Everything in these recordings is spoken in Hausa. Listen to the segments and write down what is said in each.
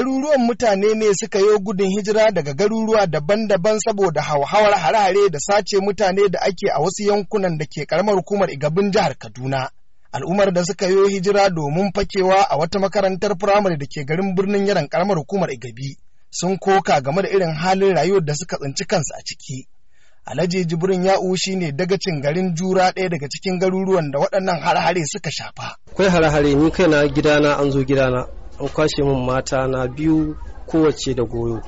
Garuruwan mutane ne suka yi gudun hijira daga garuruwa daban-daban saboda hauhawar hare da sace mutane da ake a wasu yankunan da ke karamar hukumar igabin jihar Kaduna. Al'ummar da suka yi hijira domin fakewa a wata makarantar firamare da ke garin birnin yaron karamar hukumar Igabi sun koka game da irin halin rayuwar da suka tsinci kansu a ciki. Alhaji Jibrin Ya'u shi ne dagacin garin Jura ɗaya daga cikin garuruwan da waɗannan harhare suka shafa. Akwai hare ni ni kaina gidana an zo gidana an kwashe min mata na biyu kowace da goyo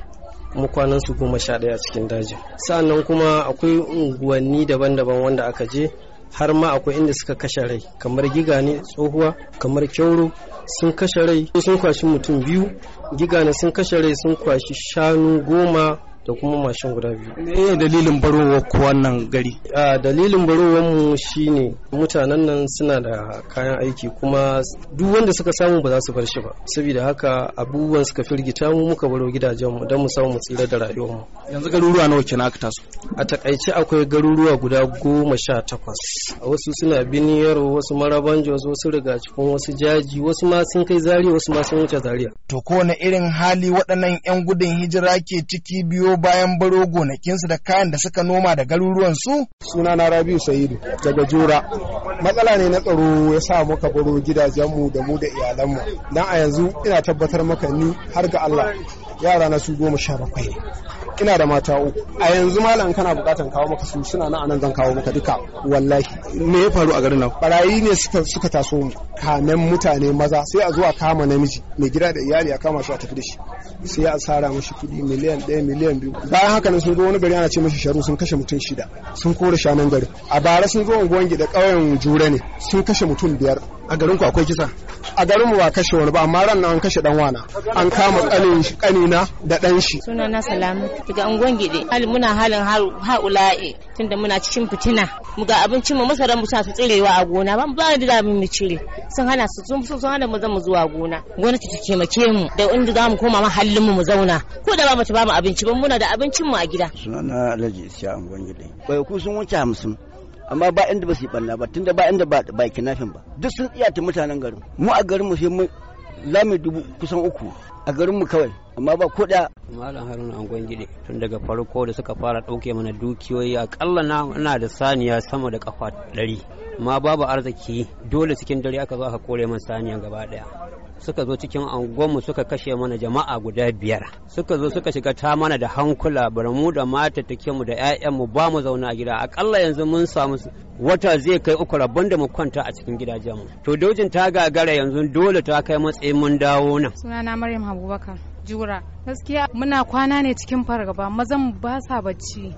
kuma kwanan su goma sha ɗaya cikin dajin sa'annan kuma akwai unguwanni daban-daban wanda aka je har ma akwai inda suka kashe rai kamar giga ne tsohuwa kamar kyauro sun kashe rai sun kwashi mutum biyu giga ne sun kashe rai sun kwashi shanu goma da kuma mashin guda biyu. Me dalilin barowar ku wannan gari? A dalilin barowar mu shine mutanen nan suna da kayan aiki kuma duk wanda suka samu ba za su bar shi ba. Saboda haka abubuwan suka firgita mu muka baro gidajen mu don mu samu mu tsira da rayuwar mu. Yanzu garuruwa nawa kina aka taso? A takaice akwai garuruwa guda goma sha takwas. Wasu suna Biniyaro, wasu Marabanjo, wasu Rigacikun, wasu Jaji, wasu ma sun kai Zaria, wasu ma sun wuce Zaria. To kowane irin hali waɗannan 'yan gudun hijira ke ciki biyo bayan baro gonakinsu da kayan da suka noma da garuruwansu? Suna na Rabiu Sa'idu daga Jura. Matsala ne na tsaro ya sa muka baro gidajenmu da mu da iyalanmu. Dan a yanzu ina tabbatar maka ni har ga Allah yara na su goma sha bakwai Ina da mata uku. A yanzu malam kana bukatan kawo maka su suna na anan zan kawo maka duka wallahi. Me ya faru a garin nan? Barayi ne suka taso mu. Kamen mutane maza sai a zuwa kama namiji mai gida da iyali a kama shi a tafi da shi. sai a tsara mashi kuɗi miliyan ɗaya miliyan biyu bayan haka nan sun zo wani gari ana ce mashi sharu sun kashe mutum shida sun kore shanun gari a bara sun zo unguwan gida ƙauyen jure ne sun kashe mutum biyar a garin ku akwai kisa a garin mu ba kashe wani ba amma ran nan an kashe dan wana an kama kanin kanina da dan shi suna na salamu daga angon gide hali muna halin haula'i tunda muna cikin fitina mu ga abincin mu masaran mu su tsirewa a gona ban ba da zamu mu cire sun hana su sun sun hana mu zama zuwa gona gona ta make mu da inda zamu koma mahallin mu mu zauna ko da ba mu ta ba mu abinci ban muna da abincin mu a gida suna na alaji isya angon gide bai ku sun wuce hamsin amma ba inda ba su yi banna ba tunda ba inda ba ba kinafin ba duk sun ta mutanen garin mu a garin mu sai mu lami dubu kusan uku a garin mu kawai amma ba kuɗa. malam haruna an gwangide tun daga farko da suka fara dauke mana dukiyoyi akalla na ina da saniya sama da kafa ɗari ma babu arziki dole cikin dare aka zo aka kore min saniya gaba daya. suka zo cikin angonmu suka kashe mana jama'a guda biyar suka zo suka shiga ta mana da hankula mu da take mu da 'ya'yanmu ba mu zauna a gida akalla yanzu mun samu wata zai kai uku rabon da mu kwanta a cikin gidajenmu to dojin ta gagara yanzu dole ta kai matsayin mun dawo nan sunana maryam abubakar jura gaskiya muna kwana ne cikin fargaba mazan ba sa bacci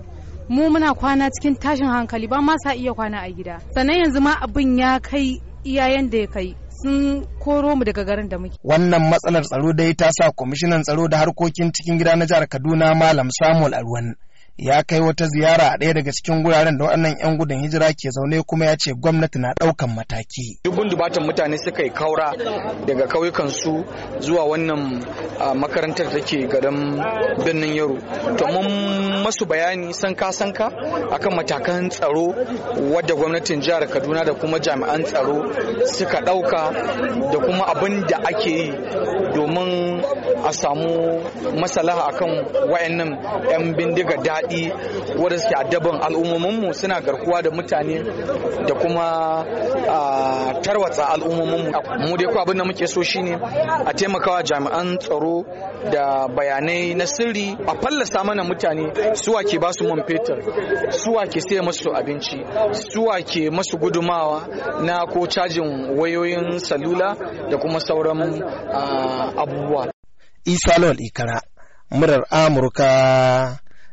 mu muna kwana cikin tashin hankali ba ma sa iya kwana a gida sannan yanzu ma abin ya kai iyayen da ya kai sun koro mu daga garin da muke. Wannan matsalar tsaro dai ta sa kwamishinan tsaro da harkokin cikin gida na jihar Kaduna Malam Samuel Alwan ya kai wata ziyara a ɗaya daga cikin wuraren da waɗannan 'yan gudun hijira ke zaune kuma ya ce gwamnati na ɗaukan mataki. Dubun dubatan mutane suka yi kaura daga kauyukan su zuwa wannan makarantar da ke garin birnin Yaro. To mun masu bayani sanka sanka akan matakan tsaro wadda gwamnatin jihar Kaduna da kuma jami'an tsaro suka ɗauka da kuma abin da ake yi domin a samu masalaha akan wa'annan 'yan bindiga daɗi. daɗi wadda suke addaban al'ummominmu suna garkuwa da mutane da kuma tarwatsa al'ummominmu mu dai ku abin da muke so shine a taimakawa jami'an tsaro da bayanai na sirri a fallasa mana mutane suwa ke basu man fetur suwa ke sai masu abinci suwa ke masu gudumawa na ko cajin wayoyin salula da kuma sauran abubuwa isa Lol ikara murar amurka